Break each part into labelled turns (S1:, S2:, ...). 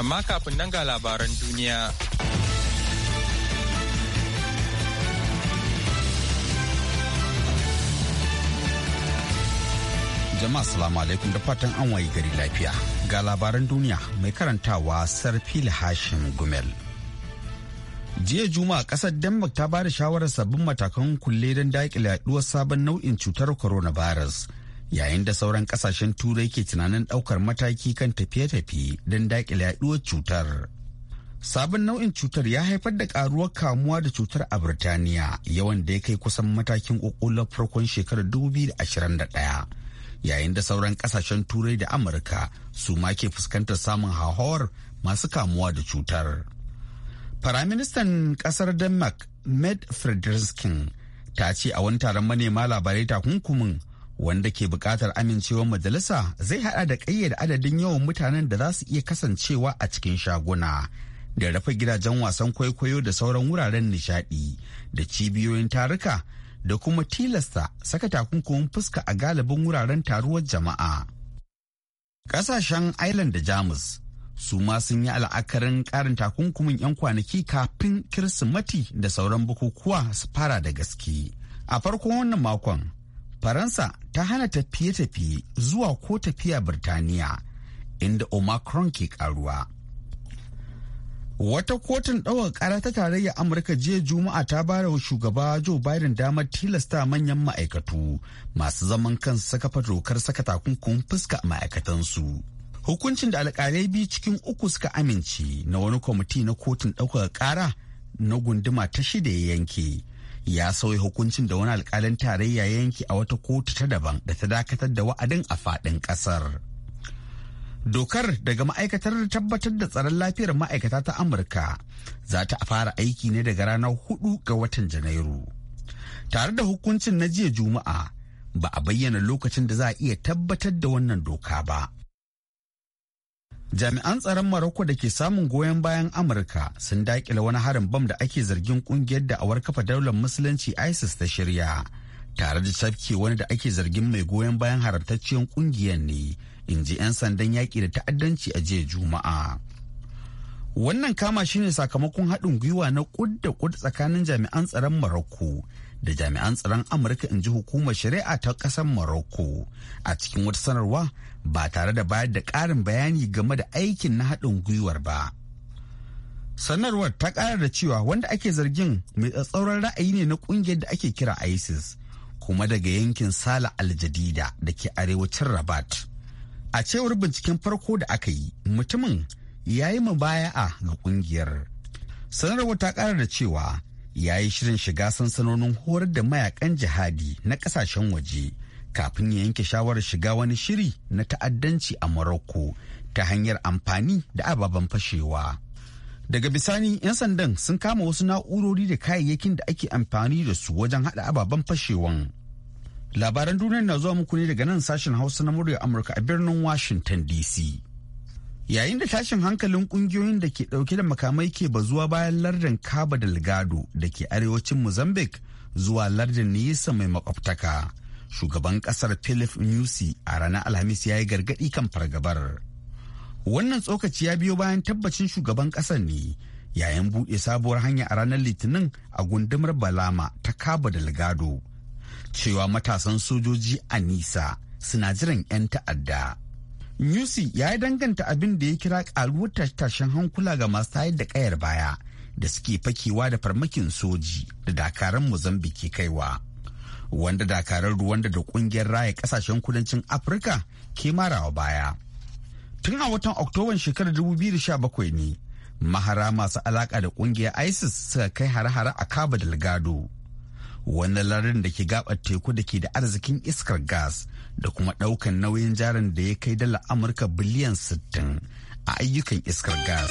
S1: amma kafin nan ga labaran duniya.
S2: Jama'a salamu alaikum da fatan an wayi gari lafiya ga labaran duniya mai karantawa sarfil hashim gumel. jiya juma'a kasar denmark ta ba da shawarar sabbin matakan kulle don daƙile yaduwar sabon nau'in cutar coronavirus. virus yayin da sauran kasashen turai ke tunanin daukar mataki kan tafiye-tafiye don daƙile yaduwar cutar sabon nau'in cutar ya haifar da karuwar kamuwa da cutar a birtaniya yawan da ya kai kusan matakin kokolon farkon shekarar 2021 yayin da sauran kasashen turai da amurka su ma ke fuskantar samun hauhawar masu kamuwa da cutar firaministan kasar denmark med frederiksen ta ce a wani taron manema labarai takunkumin wanda ke bukatar amincewar majalisa zai hada da kayyade adadin yawan mutanen da za su iya kasancewa a cikin shaguna da rufe gidajen wasan kwaikwayo da sauran wuraren nishaɗi da cibiyoyin taruka da kuma tilasta saka takunkumin fuska a galibin wuraren taruwar jama'a. kasashen island da Jamus su ma sun yi al'akarin karin takunkumin 'yan kwanaki kafin Kirsimati da sauran bukukuwa su fara da gaske. A farkon wannan makon, Faransa ta hana tafiye-tafiye zuwa ko tafiya Birtaniya inda Omicron ke karuwa. Wata kotun ɗaukar ƙara ta Tarayya Amurka jiya Juma'a ta bara wa shugaba Joe Biden damar tilasta manyan ma'aikatu masu zaman kan saka dokar saka takunkun fuska a ma'aikatansu. Hukuncin da alƙalai biyu cikin uku suka amince na wani kwamiti na kotun ɗaukar ƙara na gunduma ta shida ya yanke ya sauya hukuncin da wani alkalin tarayya yanki a wata kotu ta daban da ta dakatar da wa'adin a faɗin ƙasar. Dokar daga ma'aikatar tabbatar da tsaron lafiyar ma'aikata ta Amurka za ta fara aiki ne daga ranar hudu ga watan Janairu. Tare da hukuncin na jiya Juma'a ba a bayyana lokacin da za a iya tabbatar da wannan doka ba. jami'an tsaron Morocco da ke samun goyon bayan Amurka sun dakile wani harin bam da ake zargin kungiyar da awar kafa daular musulunci ISIS ta shirya tare da tafke wani da ake zargin mai goyon bayan haramtacciyar kungiyar ne in ji 'yan sandan yaƙi da ta'addanci a jiya juma'a wannan kama shine sakamakon haɗin gwiwa na kud da kud tsakanin jami'an tsaron Morocco da jami'an tsaron amurka in ji hukumar shari'a ta ƙasar morocco a cikin wata sanarwa ba tare da bayar da ƙarin bayani game da aikin na haɗin gwiwar ba. Sanarwar ta ƙara da cewa wanda ake zargin mai tsatsauran ra'ayi ne na ƙungiyar da ake kira ISIS kuma daga yankin Sala Aljadida da ke arewacin Rabat. A cewar binciken farko da aka yi, mutumin ya yi a ga ƙungiyar. Sanarwar ta ƙara da cewa ya yi shirin shiga sansanonin horar da mayakan jihadi na ƙasashen waje kafin ya yanke shawarar shiga wani shiri na ta'addanci a Morocco ta hanyar amfani da ababen fashewa. Daga bisani 'yan sandan sun kama wasu na'urori da kayayyakin da ake amfani da su wajen hada ababen fashewan. Labaran duniyar na zuwa muku ne daga nan sashen Hausa na murya Amurka a birnin Washington DC. Yayin da tashin hankalin kungiyoyin da ke dauke da makamai ke bazuwa bayan lardin Cabo Delgado da ke arewacin Mozambique zuwa lardin Nisa mai makwabtaka. shugaban kasar philip nyusi a ranar alhamis ya yi gargadi kan fargabar wannan tsokaci ya biyo bayan tabbacin shugaban kasar ne yayin buɗe sabuwar hanya a ranar litinin a gundumar balama ta cabo delgado cewa matasan sojoji a nisa suna jiran 'yan ta'adda Nyusi ya yi danganta abin da ya kira karuwar tashen hankula ga masu tayar da kayar baya da suke fakewa da farmakin soji da dakaran Mozambique kaiwa. wanda dakarar ruwan da kungiyar raya kasashen kudancin afirka ke marawa baya tun a watan oktoban shekarar 2017 ne mahara masu alaka da kungiyar isis suka kai hare-hare a cabo delgado wani larin da ke gabar teku da ke da arzikin iskar gas da kuma daukan nauyin jarin da ya kai dala amurka biliyan 60 a ayyukan iskar gas.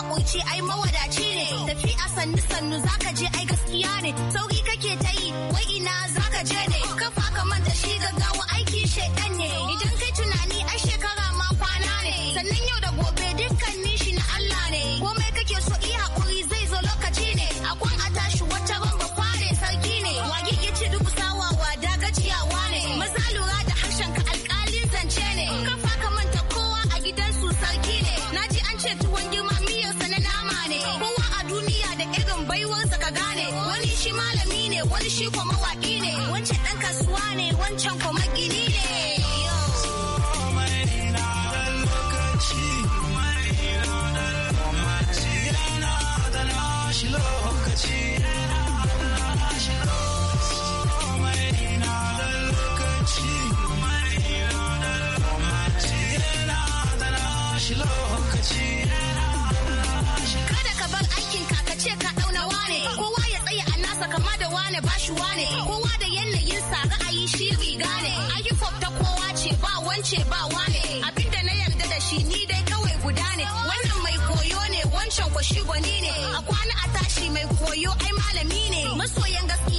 S3: hakuci ai mawadaci ne tafi a sannu sannu zaka je ai gaskiya ne sauki kake ta yi wai ina zaka je ne kafa ka manta shi gaggawa kama da wane ba shi wane kowa da yanayin sa ra'ayi shi riga ne ayyukan ta kowa ce ba wance ba wane abinda na yarda da shi ni dai kawai guda ne wannan mai koyo ne wancan kwashi gwani ne a kwana a tashi mai koyo ai malami ne masoyan gaskiya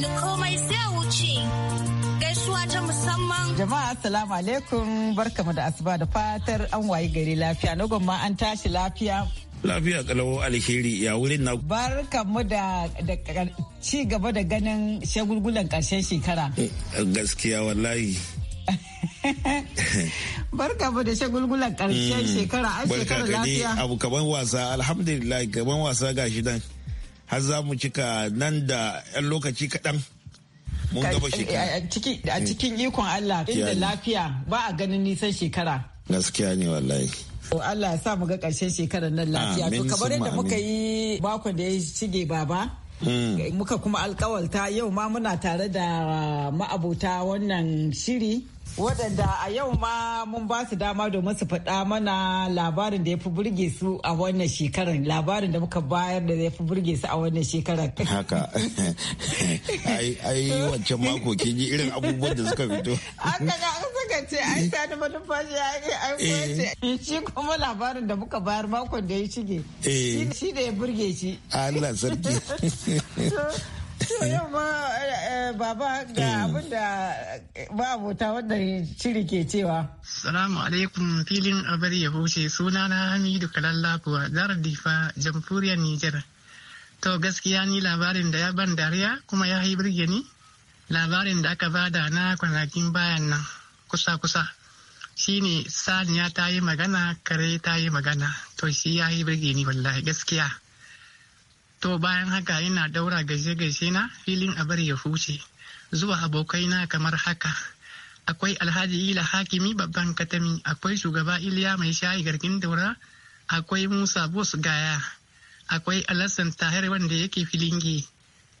S3: da komai sai a wuce. Gaisuwa ta musamman.
S4: Jama'a assalamu alaikum barkamu da asuba da fatar an wayi gari lafiya na gwamma an tashi lafiya.
S2: Lafiya kalawo alheri ya wurin na.
S4: Barkamu da ci gaba da ganin shagulgulan karshen shekara. Eh,
S2: gaskiya wallahi.
S4: Barka da shagulgulan karshen hmm, shekara an shekara lafiya.
S2: Abu kaban wasa alhamdulillah kaban wasa gashi dan. har za mu cika nan da 'yan lokaci kaɗan. Mun gaba eh, shekara.
S4: A eh. cikin ikon Allah inda lafiya ba a ganin nisan shekara.
S2: Gaskiya ne wallahi.
S4: Allah ya sa mu ga ƙarshen shekarar nan lafiya. To kamar yadda muka yi makon da ya shige baba. Mm. Eh, muka kuma alkawalta yau ma muna tare da uh, ma'abota wannan shiri waɗanda a yau ma mun ba su dama domin su faɗa mana labarin da ya fi burge su a wannan shekarar labarin da muka bayar da ya fi burge su a wannan shekarar
S2: haka ai wancan mako kin yi irin abubuwan da suka fito
S4: suka ce ai eh. sani manufashi ya yi ai eh. shi kuma labarin da muka bayar makon da ya shige eh. shi da ya burge shi
S2: Allah
S5: sarki
S4: yau ma baba ga abin da ba abota wanda
S5: ciri ke cewa. Salamu alaikum filin abar ya suna na Hamidu Kalallafuwa zarar difa jamfuriyar Nijar. To gaskiya ni labarin da ya ban dariya kuma ya haibirge ni labarin da aka bada na kwanakin bayan nan. kusa-kusa shi ne, saniya ta yi magana kare ta yi magana to shi ya yi birge ni wallahi gaskiya to bayan haka yana daura gaishe-gaishe na filin abar ya huce zuwa abokaina kamar haka akwai alhaji ila hakimi babban katami akwai shugaba iliya mai shayi garkin daura akwai musa bus gaya akwai alasan tahir wanda yake filingi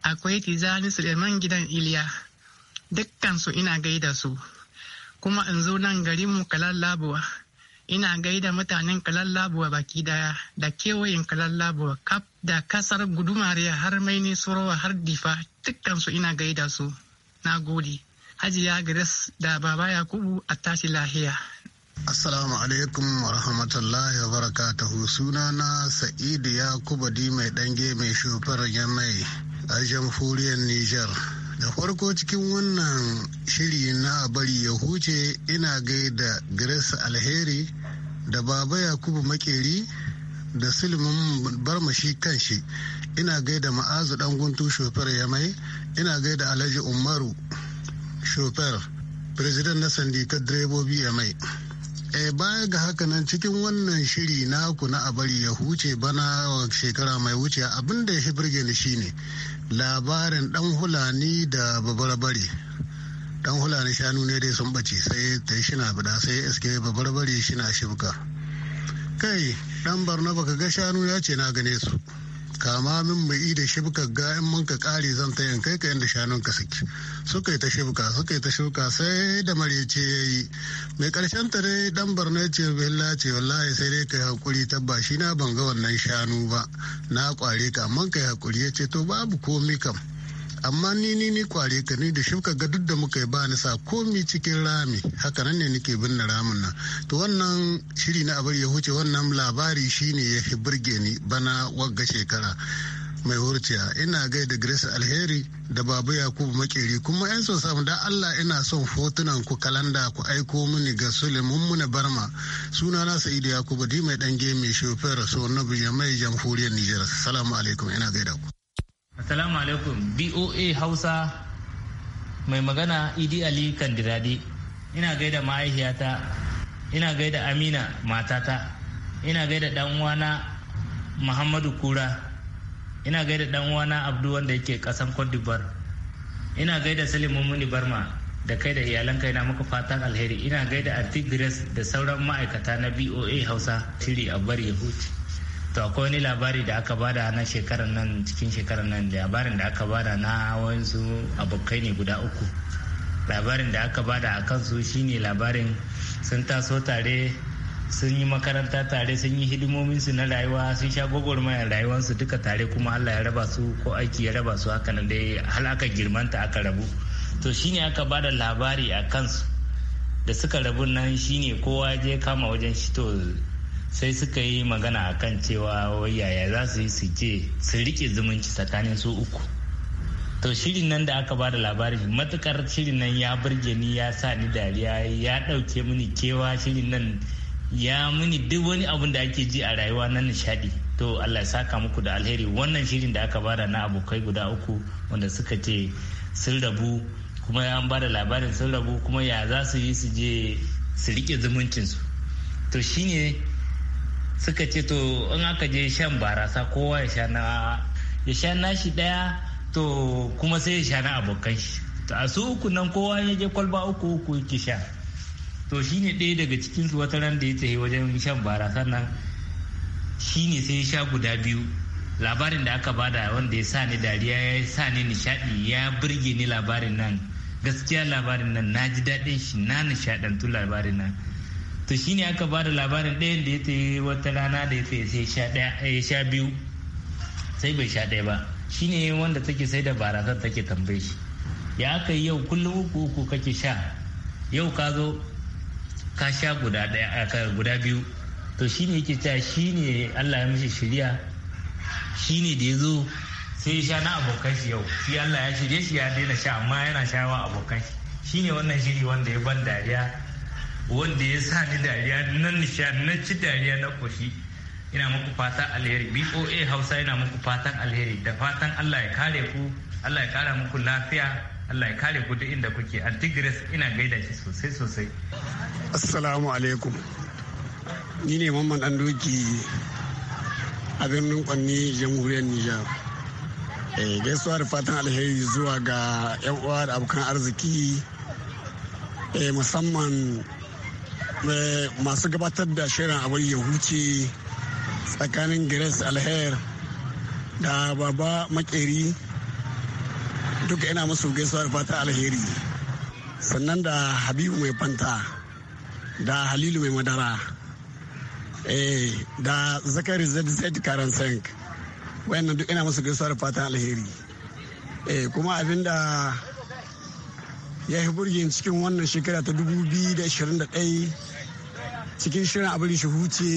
S5: akwai tizani suleiman gidan iliya dukkansu ina gaida su kuma in zo nan garin mu labuwa ina gaida mutanen labuwa baki daya da kewayen labuwa kaf da kasar gudumariya har maini surowa har difa dukkansu ina gaida su na gode hajiya grace da baba yakubu a tashi lahiya
S6: Assalamu alaikum wa rahmatullahi wa barakatuhu sunana Sa'idu Yakubu di mai dange mai shofar mai a jamhuriyar niger Da farko cikin wannan bari ya huce ina gaida grace alheri da baba yakubu makeri da silimin barmashi kan shi ina gaida ma'azu dan guntu shofar ya mai ina gaida alhaji umaru shofar president na sandikar direbobi ya mai e baya ga haka nan cikin wannan shiri naku na bari ya huce bana shekara mai wuce abin da ya birge ni shine labarin dan hulani da bari. dan hulani shanu ne dai sun bace sai ta yi shina bida sai iske babarbare shina shibka kai dan barna baka ga shanu ya ce na gane su kama min mai da shibka ga in mun kare zan ta yin kai ka yanda shanun ka suke suka yi ta shibka suka yi ta shibka sai da ce ya yi mai karshen ta dai dan barna ce billa ce wallahi sai dai kai hakuri tabba shi na ban ga wannan shanu ba na kware ka amma kai hakuri ya ce to babu komi kam amma ni ni ni kware ka ni da shuka ga duk da muka yi ba ni sa komi cikin rami haka nan ne nake binne ramin nan to wannan shiri na abar ya huce wannan labari shine ya burge ni bana wagga shekara mai hurciya ina gai da grace alheri da babu yakubu makeri kuma yan son samu da allah ina son fotunan ku kalanda ku aiko mini ga mu na barma suna na sa'idu yakubu di mai dan shofar so na mai jamhuriyar nijar salamu alaikum ina gaida ku
S7: Assalamu alaikum BOA Hausa mai magana Idi Ali Kandiradi ina gaida mahaifiyata ina gaida Amina matata ina gaida dan uwana Muhammadu Kura ina gaida dan uwana Abdu wanda yake kasan Cote d'Ivoire ina gaida Salim Mumuni Barma da kai da iyalanka ina maka fatan alheri ina gaida Artigres da sauran ma'aikata na BOA Hausa shiri a bari ya huce to akwai wani labari da aka bada na shekarar nan cikin shekarar nan da labarin da aka bada na wasu abokai ne guda uku labarin da aka bada a kansu shine labarin sun taso tare sun yi makaranta tare sun yi hidimominsu na rayuwa sun sha gwagwarmayar rayuwarsu duka tare kuma allah ya raba su ko aiki ya raba su haka nan dai hal aka girmanta aka rabu to shine aka bada labari a kansu da suka rabu nan shine kowa je kama wajen shi to sai suka yi magana a kan cewa yaya za su yi su je su rike zumunci tsakanin su uku to shirin nan da aka ba da labarin matukar shirin nan ya burge ni ya sa ni dariya ya ɗauke mini kewa shirin nan ya mini duk wani abun da ake ji a rayuwa na nishadi to allah ya saka muku da alheri wannan shirin da aka bada na abokai guda uku wanda suka ce sun rabu kuma ya da labarin sun rabu kuma ya za su yi su je su rike zumuncinsu to shine suka ce to in aka je shan barasa kowa ya sha na ya sha nashi daya to kuma sai ya sha na abokan shi a su uku nan kowa ya je kwalba uku uku yake sha to shine ɗaya daga cikin su wata ran da ya tsaye wajen shan barasa nan shine sai ya sha guda biyu labarin da aka bada wanda ya sa ni dariya ya sa ni nishadi ya burge ni labarin nan gaskiya labarin nan na ji daɗin shi na nishadantu labarin nan to shine aka ba da labarin ɗayan da ya ta wata rana da ya ta ya eh, sha biyu sai bai sha ɗaya ba shine wanda take sai da barasar take tambaye shi ya aka yi yau kullum uku uku kake sha yau ka zo ka sha guda eh, guda biyu to shine yake shi shine Allah ya mishi shirya shine da ya zo sai ya sha na abokan shi yau shi Allah ya shirye shi ya daina sha amma yana sha wa abokan shi shine wannan shiri wanda ya ban dariya wanda ya sa ni dariya na nisha na ci dariya na koshi ina muku fatan alheri boa hausa ina muku fatan alheri da fatan allah ya kare ku allah ya kara muku lafiya Allah ya kare ku duk inda kuke antigres ina gaida shi
S8: sosai sosai assalamu alaikum ni ne mamman dan doki a birnin kwanni jamhuriyar nijar eh, gaisuwa da fatan alheri zuwa ga yan uwa da abokan arziki eh, musamman masu gabatar da shirin abar ya huce tsakanin grace alher da baba makeri duka ina masu gaisuwa da fata alheri sannan da habibu mai fanta da halilu mai madara eh, da zakari zz karen sank wayannan duk ina masu gaisuwa da fata alheri eh, kuma abinda ya yi burgin cikin wannan shekara ta 2021 cikin shirin abin shi huce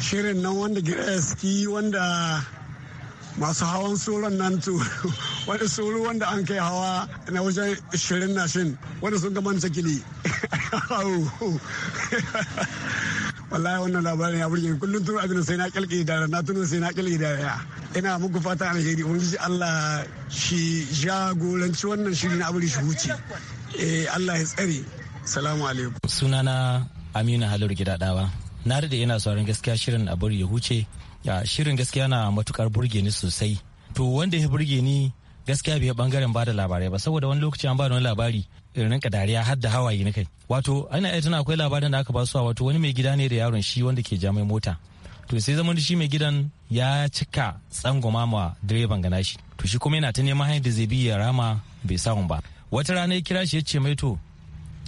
S8: shirin nan wanda ski wanda masu hawan tsoron nan to wani tsoro wanda an kai hawa na wajen shirin na shin wanda sun gama ta gini wallahi wannan labarin ya burge kullum tun abin sai na kyalke da na tuno sai na kyalke da ya ina muku fata alheri ubangiji Allah shi jagoranci wannan shirin abin shi huce eh, Allah ya tsare Salamu alaikum.
S9: Sunana Aminu Halilu Gidadawa. Na da yana sauran gaskiya shirin a bari ya huce. Shirin gaskiya na matukar burge ni sosai. To wanda ya burge ni gaskiya bai bangaren ba da labarai ba saboda wani lokaci an ba da wani labari irin ka dariya har da hawaye na kai. Wato ana iya tana akwai labarin da aka ba su wato wani mai gida ne da yaron shi wanda ke jamai mota. To sai zaman shi mai gidan ya cika tsangwama ma direban gana shi. To shi kuma yana ta neman hanyar da zai bi ya rama bai samu ba. Wata rana ya kira shi ya ce mai to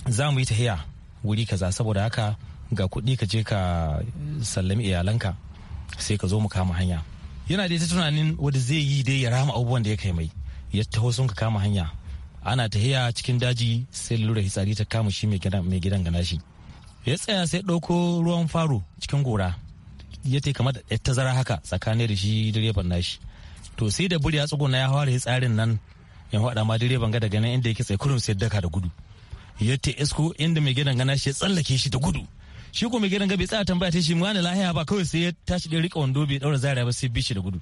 S9: za mu yi tahiya wuri kaza saboda haka ga kuɗi ka je ka sallami iyalanka sai ka zo mu kama hanya yana da ta tunanin wanda zai yi dai ya rama abubuwan da ya kai mai ya taho sun ka kama hanya ana tahiya cikin daji sai lura hitsari ta kama shi mai gidan gana shi ya tsaya sai ɗauko ruwan faro cikin gora ya ta kama da tazara haka tsakanin da shi direban nashi to sai da buri ya na ya hawa da hitsarin nan ya haɗa ma direban gada ganin inda yake tsaye kurum sai daka da gudu ya ta esko inda mai gidan gana shi ya tsallake shi da gudu shi ko mai gidan ga bai tsaya tambaya ta shi mu wani lahiya ba kawai sai ya tashi da rika wando bai daura zariya ba sai bi shi da gudu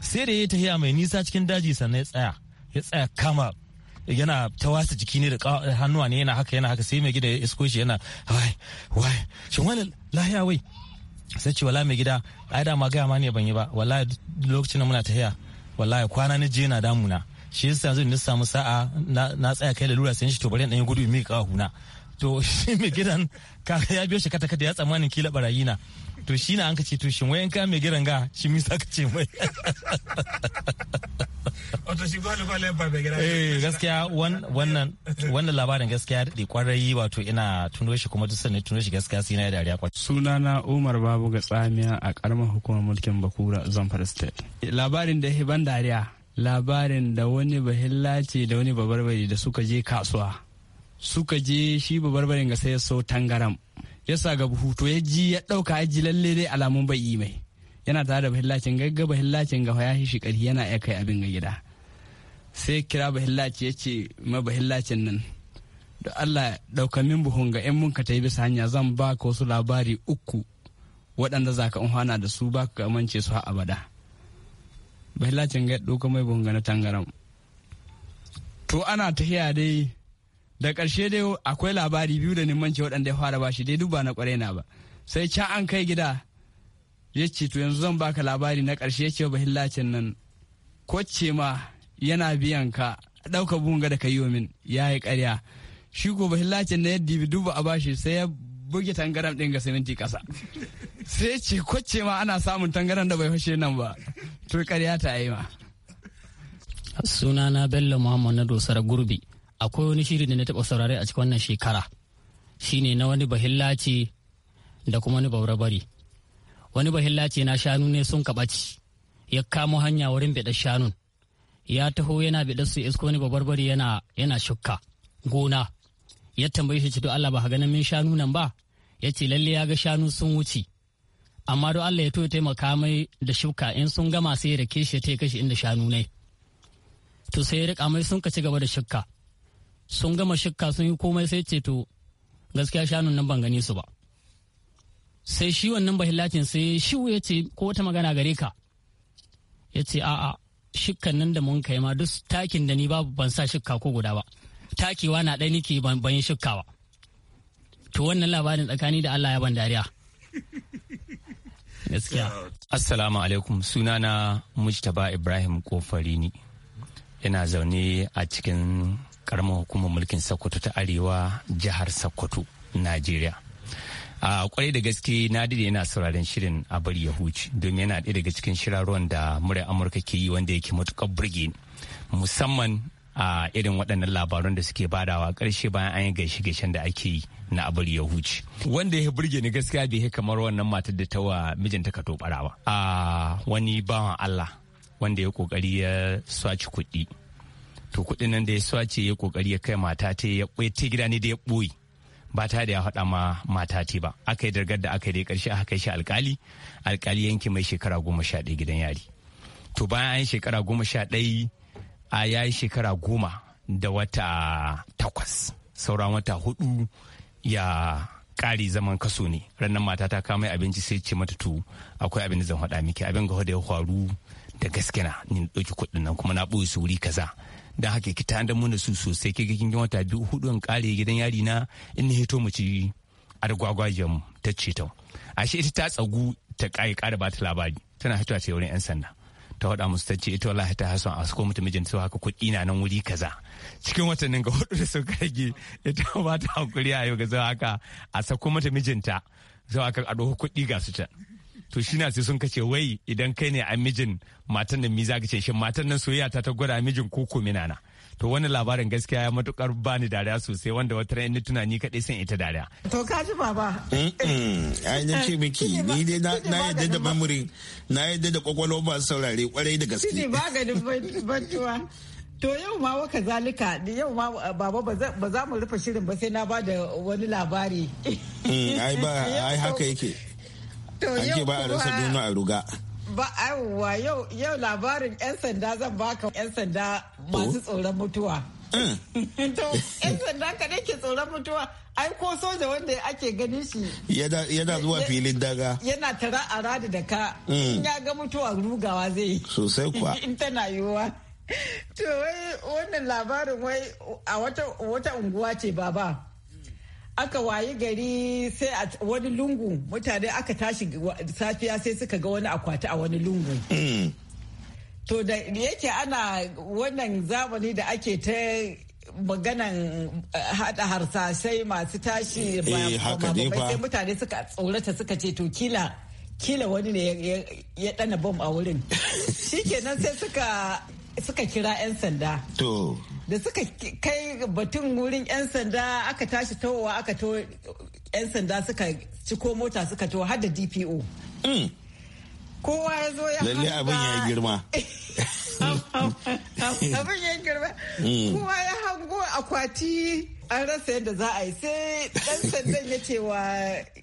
S9: sai da ya tafiya mai nisa cikin daji sannan ya tsaya ya tsaya kama yana ta wasa jiki ne da hannuwa ne yana haka yana haka sai mai gida ya isko shi yana wai wai shi wani lahiya wai sai ce wala mai gida ai da ma gaya ma ne ban yi ba wallahi lokacin da muna tahiya wallahi kwana na je na damuna shi yasa yanzu na samu sa'a na tsaya kai lalura sai shi to bari dan gudu mi kawo huna to shi mai gidan kaka ya biyo shi kata kata ya tsammanin kila barayi na to shi na an ka ce to shin wayan ka mai gidan ga shi mi ka ce mai wato shi gwale gwale ba mai gidan eh gaskiya wannan wannan labarin gaskiya da kwarai wato ina tuno shi kuma duk sanin tuno shi gaskiya sai na dariya Suna
S10: sunana Umar Babu ga tsamiya a karamar hukumar mulkin Bakura Zamfara State labarin da ban dariya labarin da wani bahillace da wani babarbari da suka je kasuwa suka je shi babarbarin ga sai ya so tangaram ya sa ga buhu to ya ji ya ɗauka aji ji lalle dai alamun bai mai yana tare da bahillacin gagga bahillacin ga ya shi ƙarfi yana iya kai abin ga gida sai kira bahillaci ya ce ma bahillacin nan da Allah ɗauka min buhun ga 'yan munka ta yi bisa hanya zan ba ka wasu labari uku waɗanda za ka da su ba ka amince su abada. bahilla canga ɗauka mai na tangaram to ana tahiya dai da ƙarshe dai akwai labari biyu da nimanci waɗanda ya fara bashi dai duba na ƙwarai na ba sai can an kai gida ya ce to yanzu zan baka labari na karshe ya ce bahillacin nan ce ma yana biyan ka ɗauka bunga da ka yi min ya yi ƙarya shi ko bahillacin na yadda duba a bashi sai ya buge tangaram ɗin ga siminti ƙasa sai ce kwace ma ana samun tangaran da bai fashe nan ba to karya ta yi ma
S7: sunana bello muhammad na dosar gurbi akwai wani shiri da na taɓa saurare a cikin wannan shekara shine na wani bahillaci da kuma wani baurabari wani bahillaci na shanu ne sun kaɓaci ya kamo hanya wurin biɗa shanun ya taho yana biɗa su isko wani babarbari yana yana shukka gona ya tambaye shi to Allah ba ganin min shanu nan ba ya ce lalle ya ga shanu sun wuce amma don Allah ya to taimaka mai da shuka in sun gama sai ya rike shi ta kashe inda shanu ne to sai ya rika mai sun ka ci gaba da shukka sun gama shukka sun yi komai sai ce to gaskiya shanun nan ban gani su ba sai shi wannan bahillacin sai shi ya ce ko wata magana gare ka ya ce a'a shukkan nan da mun kai ma duk takin da ni babu ban sa shukka ko guda ba takewa na ɗaya nike ban yi shukka ba to wannan labarin tsakani da Allah ya ban
S8: dariya
S11: Gaskiya. Assalamu alaikum sunana Mujtaba Ibrahim Kofarini. Yana zaune a cikin karamar hukumar mulkin Sokoto ta Arewa jihar Sokoto, Najeriya. a kwarai da gaske na dade yana sauraren shirin a bari ya huce domin yana ɗaya daga cikin shirarwan da murai amurka ke yi wanda yake matukar burge musamman a irin waɗannan labaran da suke badawa ƙarshe bayan an yi gaishe-gaishen da ake yi na abar ya wanda ya burge ni gaskiya bai yi kamar wannan matar da ta wa mijinta ka tobarawa a wani bawan Allah wanda ya kokari ya swaci kuɗi to kuɗin nan da ya swace ya kokari ya kai mata ta ya ta gida ne da ya ɓoye ba ta da ya haɗa ma mata ta ba aka yi dargar da aka yi da ƙarshe aka kai shi alkali alkali yanki mai shekara goma sha ɗaya gidan yari to bayan an yi shekara goma sha ɗaya a ya shekara goma da wata takwas sauran wata hudu ya ƙare zaman kaso ne ranar mata ta kama abinci sai ce mata to akwai abin da zan faɗa miki abin ga da ya faru da gaske na ni ɗauki kuɗin nan kuma na ɓoye su wuri kaza don haka ki ta andan da su sosai ke kin wata biyu hudu in kare gidan yari na in hito mu ci mu ta ce ta ashe ita ta tsagu ta ƙare ƙara ba ta labari tana hito ta wurin 'yan sanda ta faɗa musu ta ce ita wallahi ta hasan a ko mata mijin sai haka kuɗi na nan wuri kaza cikin watannin ga hudu da suka rage ita ba ta hankuri a yau ga zai haka a sako mata mijinta zai haka a ɗauko kuɗi ga su ta to shi na sai sun kace wai idan kai ne a mijin matan nan mi za ka ce shin matan nan soyayya ta ta gwada mijin ko ko minana. na to wani labarin gaskiya ya matukar bani dariya sosai wanda wata ran ni tunani kadai san ita dariya
S2: to ka ji baba
S11: ai nan ce miki
S2: ni dai na yadda da memory
S11: na yadda da kwakwalwa ba saurare
S2: kwarai da gaske ne
S4: maganin bantuwa To yau ma waka zalika yau ma uh, baba ba za mu rufe shirin ba sai na ba da wani labari.
S2: Mm, ai ba ai haka yake. yau ba a rasa duniya a ruga.
S4: ba aiwa yau yau labarin yan sanda zan baka yan sanda masu tsoron mutuwa mm. to yan sanda ka ne ke tsoron mutuwa ai ko soja wanda ake ganin shi
S2: yana zuwa filin daga
S4: yana tara a radi da ka mm. ya ga mutuwa rugawa zai yi
S2: sosai
S9: kuwa
S4: in tana yiwuwa to wai wannan labarin wai a wata unguwa ce baba aka wayi gari sai a wani lungu mutane aka tashi safiya sai suka ga wani akwati a wani lungu mm. to da yake ana wannan zamani da ake ta maganan eh, hada harsashai masu tashi eh, sai mutane suka tsorata suka ce to kila kila wani ne ya dana bom a wurin shikenan sai suka kira 'yan sanda da suka kai batun wurin 'yan sanda aka tashi towa aka to 'yan sanda suka ciko mota suka to har da dpo mm. kowa ya
S6: zo ya lalle abin ya girma
S4: abin ya girma mm. kowa ya hango akwati an rasa yadda za a yi sai dan sandan ya ce wa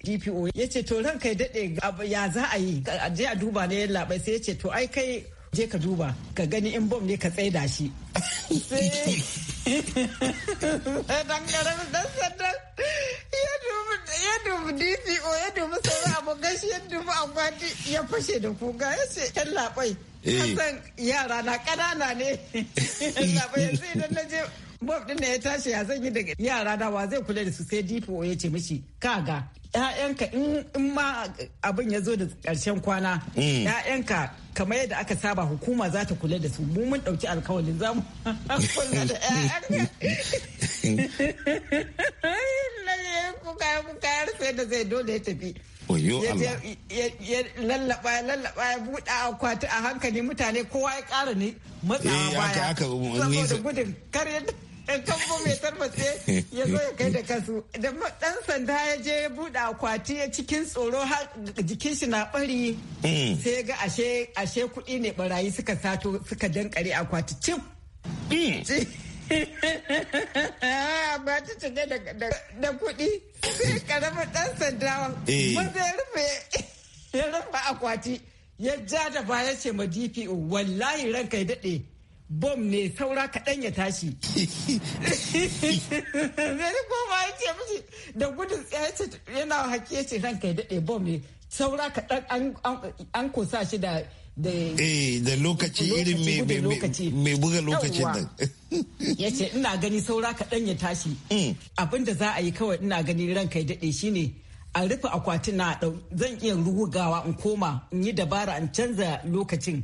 S4: dpo ya ce to ranka ya daɗe ya za a yi a a duba ne ya labai sai ya ce to ai kai je ka duba ka gani in bom ne ka tsaida shi eh, ya dubi dco ya dubi sauran abokan shi ya dubi akwati ya fashe da kuga ya ce yan labai eh. kasan yara na kanana ne labai yanzu idan na je Bob din da ya tashi ya zan yi yara da wa zai kula da su sai dipo ya ce mishi kaga ‘ya'yanka in ma abin ya zo da ƙarshen kwana ‘ya'yanka mm. kamar yadda aka saba hukuma za ta kula da su mu mun ɗauki alkawalin za mu kula da ‘ya'yanka sai da zai dole ya tafi
S2: Oyo Allah.
S4: Ya lallaba ya lallaba ya buɗa akwati a hankali mutane kowa ya ƙara ne matsawa eh, baya. Um, Saboda gudun kar yadda. kambo mai tarbace ya zo ya kai da kasu da dan sanda ya je ya buɗe akwati ya cikin tsoro jikin shi na bari hmm. sai ga ashe ashe kuɗi ne barayi suka sato suka dankare akwati cif ba hmm. ta cike da kuɗi sai karamar dan sanda eh. wanda ya rufe ya rufe akwati ya ja da baya ce ma dpo wallahi ranka ya daɗe bom ne saura kaɗan ya tashi. Zai koma ya ce mishi da gudun tsaye yana hake ce ranka ya daɗe bom ne saura kaɗan an kusa shi da da eh,
S6: lokaci irin mai buga lokacin nan.
S4: Ya ce ina gani saura kaɗan ya tashi. Mm. Abin da za a yi kawai ina gani ranka ya daɗe shi ne a rufe akwatin na zan iya rugawa in koma in yi dabara in canza lokacin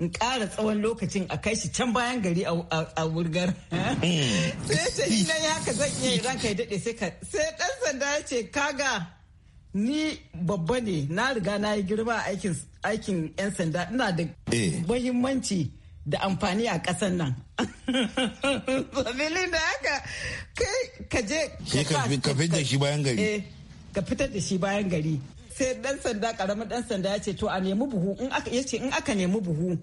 S4: in ƙara tsawon lokacin a kai shi can bayan gari a wurgar hmm. sai ce idan ya haka zan iya ranka ya daɗe sai ka sai ɗan sanda ya ce kaga ni babba ne na riga na yi girma aikin aikin 'yan sanda ina da eh. muhimmanci da amfani a kasan nan. Sabilin da haka kai ka je ka fitar da bayan gari. Eh, ka fitar da shi bayan gari. sai dan sanda karamin dan sanda ya ce to a nemi buhu in aka yace in aka nemi buhu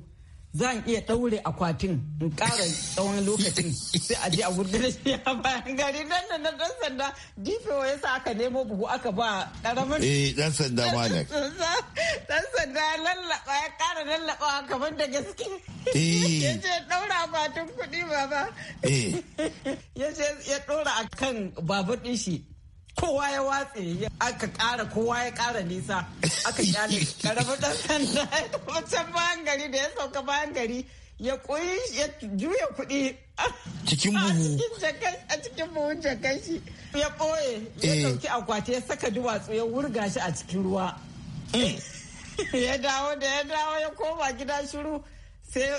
S4: zan iya daure akwatin in kara tsawon lokacin sai a je a gurgure shi a bayan gari dan nan na dan sanda difewa ya sa aka nemo buhu aka ba karamin eh dan sanda malak dan sanda lallaba ya kara lallaba kamar da gaske eh. ya ce daura akwatin kuɗi baba eh. ya ce ya daura akan babu din shi kowa ya watse aka kara kowa ya kara nisa aka kyale karamar dan sanda bayan gari da ya sauka bayan gari ya koyi ya juya kuɗi cikin buhu a cikin buhun jakan shi ya ɓoye ya eh. ɗauki akwati ya saka duwatsu ya wurga shi a cikin ruwa mm. ya dawo da ya dawo ya koma gida shiru sai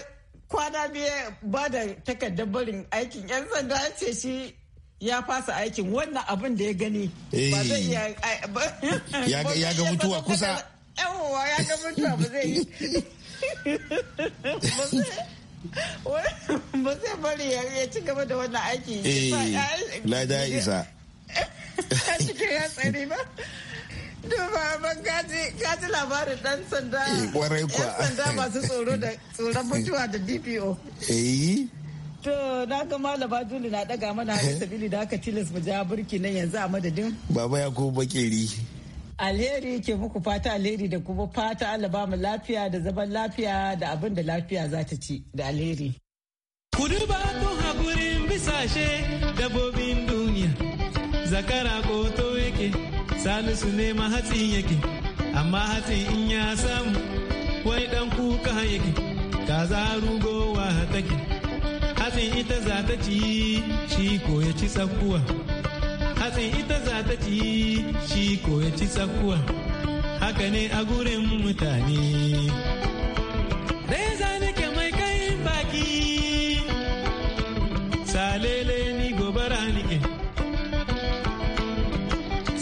S4: kwana biyu ba da takardar barin aikin yan sanda ya ce shi ya fasa aikin wannan abin da ya gani ba eh. zai iya ya ga mutuwa kusa yawowa ya ga mutuwa ba zai yi ba zai bari ya ci gaba da wannan aiki na eh, da isa a cikin hatsari ba Duba ban gaji labarin dan sanda.
S6: Kwarai eh, kwa. Yan sanda
S4: masu tsoro da tsoron mutuwa da DPO. Eh. To na ga malama Juli na daga mana hannun eh? sabili da aka tilas mu ja burki nan yanzu a madadin.
S2: Baba ya ko bakeri.
S4: Alheri ke muku fata alheri da kuma fata Allah mu lafiya da zaman lafiya da abin da lafiya za ta ci da alheri.
S9: Kudu ba kun haƙurin bisashe dabobin duniya. Zakara to yake, salisu ne hatsin yake, amma hatsin in ya samu, wai dan kuka yake, kaza rugowa take. hatsin ita za ta ci shi ko ya ci sakuwa hatsin ita za ta ci shi ko ya ci sakuwa haka ne a gurin mutane dai za nake mai kai baki salele ni gobara nike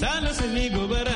S9: salisu ni gobara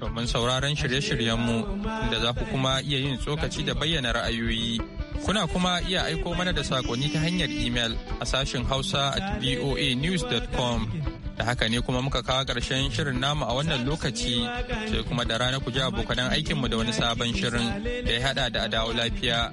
S1: domin sauraron shirye-shiryenmu da za ku kuma iya yin tsokaci da bayyana ra'ayoyi. Kuna kuma iya aiko mana da sakonni ta hanyar imel a sashen Hausa at voanews.com. Da haka ne kuma muka kawo ƙarshen shirin namu a wannan lokaci sai kuma da rana ku ji abokanan aikinmu da wani sabon shirin da ya haɗa da adawo lafiya.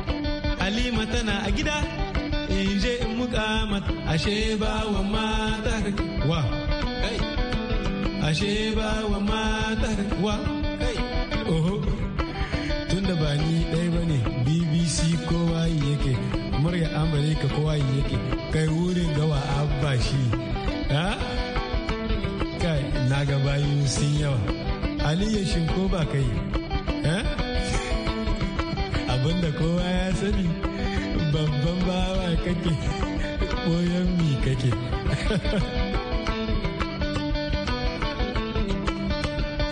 S9: halima tana a gida in je in muka mata ashe ba
S8: wa matar wa kai ashe ba wa matar wa kai oho tunda ba ni dai ba ne bbc kowa yake murya amurka kowa yake kai wurin gawa abba shi ha kai na gaba bayu sun yawa aliyu shin ko ba kai eh da kowa ya sani babban bawa kake koyon mi kake